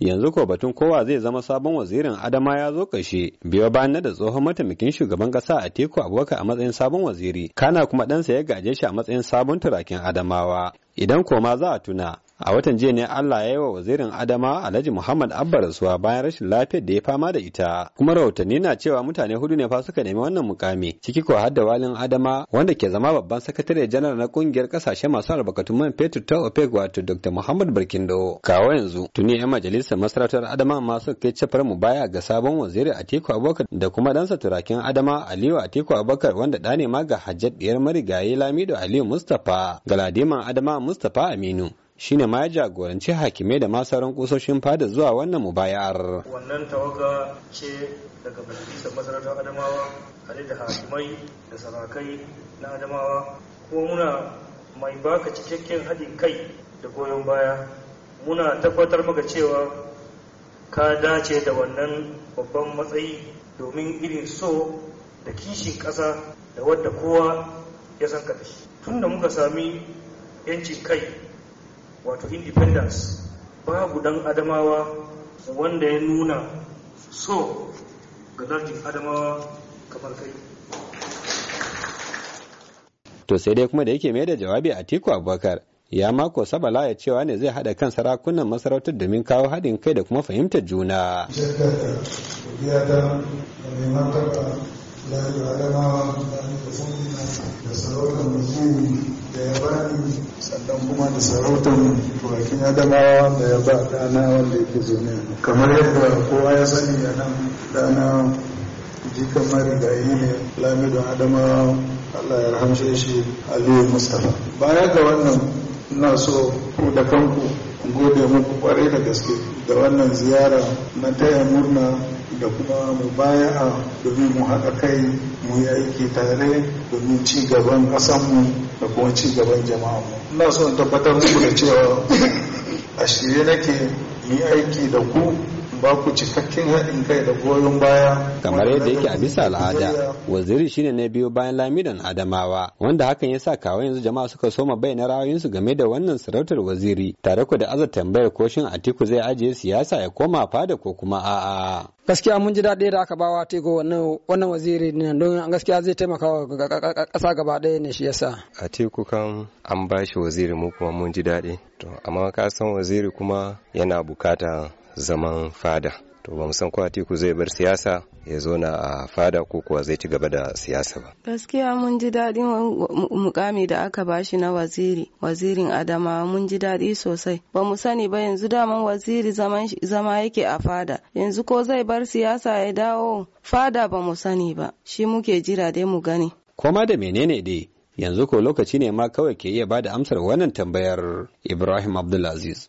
yanzu ko batun kowa zai zama sabon wazirin adama ya zo kashe biyo bayan da tsohon mataimakin shugaban kasa a teku abubakar a matsayin sabon waziri kana kuma ɗansa ya gaje shi a matsayin sabon turakin adamawa idan koma za a tuna a watan jiya ne Allah ya yi wa wazirin Adama Alhaji Muhammad Abba rasuwa bayan rashin lafiyar da ya fama da ita kuma rahotanni na cewa mutane hudu ne fa suka nemi wannan mukami ciki ko hadda walin Adama wanda ke zama babban sakatare janar na kungiyar kasashe masu albarkatun man fetur ta OPEC wato Dr. Muhammad Barkindo kawo yanzu tuni yan majalisar masarautar Adama ma suka kai cefar mu baya ga sabon waziri Atiku Abubakar da kuma dansa turakin Adama Aliyu Atiku Abubakar wanda ɗane ne ma ga Hajjat Diyar Marigayi Lamido Aliyu Mustapha Galadiman Adama Mustapha Aminu shine ma ya jagoranci hakimai da masaran kusoshin fada zuwa wannan mubayar. Wannan tawaga ce daga majalisar masarautar Adamawa hade da hakimai da sarakai na Adamawa kuma muna mai baka cikakken haɗin kai da goyon baya muna tabbatar maka cewa ka dace da wannan babban matsayi domin irin so da kishin ƙasa da wadda kowa ya san ka da Tun da muka sami 'yancin kai wato independence babu dan adamawa wanda ya nuna so ga lardin adamawa kamar kai to sai dai kuma da yake mai da jawabi a tiku abubakar ya mako sabala ya cewa ne zai haɗa kan sarakunan masarautar domin kawo haɗin kai da kuma fahimtar juna da sarautar da sarautar bakin adamawa da ya ba dana wanda yake zaune kamar yadda kowa ya sani ya nan dana ji da marigayi ne lamidon adamawa allah ya rahamshe shi aliyu mustapha baya ga wannan na so ku da kanku gode muku kwarai da gaske da wannan ziyara na taya murna da kuma mu baya a domin mu haɗa kai mu yi aiki tare domin ci gaban ƙasanmu da kuma ci gaban jama'a ina son tabbatar muku da cewa a shirye nake yi aiki da ku ba ku cikakken haɗin kai da goyon baya kamar yadda yake a bisa al'ada waziri shine na biyo bayan lamidan adamawa wanda hakan ya sa kawo yanzu jama'a suka soma bayyana ra'ayoyinsu game da wannan sarautar waziri tare ku da aza tambayar ko shin atiku zai ajiye siyasa ya koma fada ko kuma a'a gaskiya mun ji daɗi da aka bawa atiku wannan waziri ne don gaskiya zai taimaka wa ƙasa gaba ɗaya ne shi yasa atiku kan an bashi waziri mu kuma mun ji daɗi to amma ka san waziri kuma yana bukata zaman fada to ba san ko Atiku zai bar siyasa ya zo na a fada ko kuwa zai ci gaba da siyasa ba. Gaskiya mun ji daɗin mukami da aka bashi na waziri, wazirin Adama mun ji daɗi sosai. Ba mu sani ba yanzu daman waziri zama yake a fada. Yanzu ko zai bar siyasa ya dawo fada ba mu sani ba. Shi muke jira dai mu gani. Koma da menene dai yanzu ko lokaci ne ma kawai ke iya bada amsar wannan tambayar Ibrahim Abdulaziz.